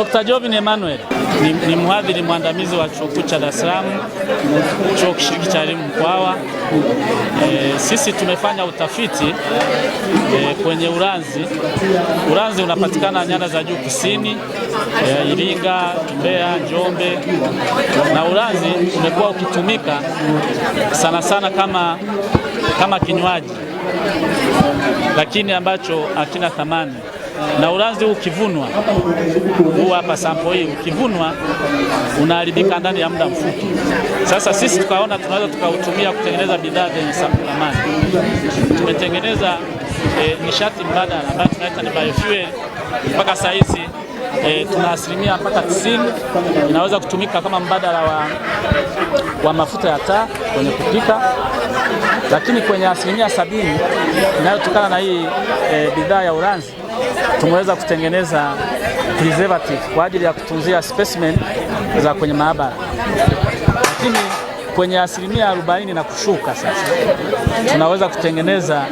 Dr. Jovin Emmanuel ni, ni mhadhiri mwandamizi wa Chuo Kikuu cha Dar es Salaam, Chuo Kishiriki cha Elimu Mkwawa. E, sisi tumefanya utafiti e, kwenye uranzi uranzi unapatikana nyanda za juu kusini, e, Iringa, Mbeya, Njombe, na uranzi umekuwa ukitumika sana sana kama, kama kinywaji lakini ambacho hakina thamani na ulanzi huu ukivunwa, huu hapa sampo hii ukivunwa, unaharibika ndani ya muda mfupi. Sasa sisi tukaona tunaweza tukautumia kutengeneza bidhaa zenye sampulamani. Tumetengeneza e, nishati mbadala ambayo tunaita ni biofuel mpaka saa hizi E, tuna asilimia mpaka 90 inaweza kutumika kama mbadala wa, wa mafuta ya taa kwenye kupika, lakini kwenye asilimia sabini inayotokana na hii e, bidhaa ya ulanzi tumeweza kutengeneza preservative kwa ajili ya kutunzia specimen za kwenye maabara, lakini kwenye asilimia arobaini na kushuka sasa tunaweza kutengeneza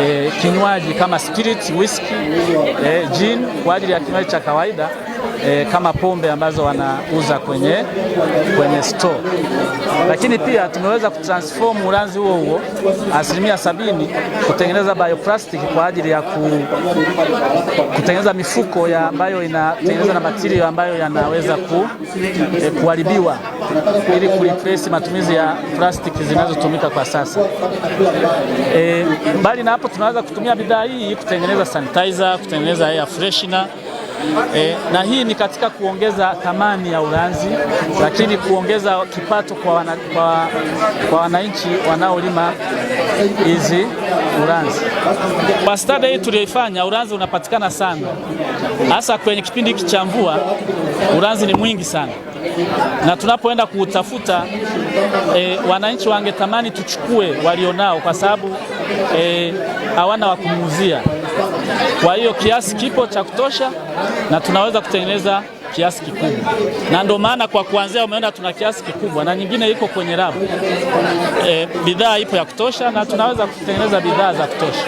eh, kinywaji kama spirit, whisky, eh, gin kwa ajili ya kinywaji cha kawaida e, kama pombe ambazo wanauza kwenye, kwenye store. Lakini pia tumeweza kutransform ulanzi huo huo asilimia sabini kutengeneza bioplastic kwa ajili ya ku, kutengeneza mifuko ya ambayo inatengeneza na matirio ambayo yanaweza ku, e, kuharibiwa ili kureplace matumizi ya plastic zinazotumika kwa sasa. E, mbali na hapo tunaweza kutumia bidhaa hii kutengeneza sanitizer, kutengeneza air freshener e, na hii ni katika kuongeza thamani ya ulanzi, lakini kuongeza kipato kwa, wana, kwa, kwa wananchi wanaolima hizi ulanzi. Kwa stada hii tuliyoifanya, ulanzi unapatikana sana, hasa kwenye kipindi hiki cha mvua. Ulanzi ni mwingi sana na tunapoenda kuutafuta e, wananchi wangetamani tuchukue walionao, kwa sababu eh, hawana e, wa kumuuzia. Kwa hiyo kiasi kipo cha kutosha na tunaweza kutengeneza kiasi kikubwa, na ndio maana kwa kuanzia umeona tuna kiasi kikubwa, na nyingine iko kwenye rabu e, bidhaa ipo ya kutosha na tunaweza kutengeneza bidhaa za kutosha.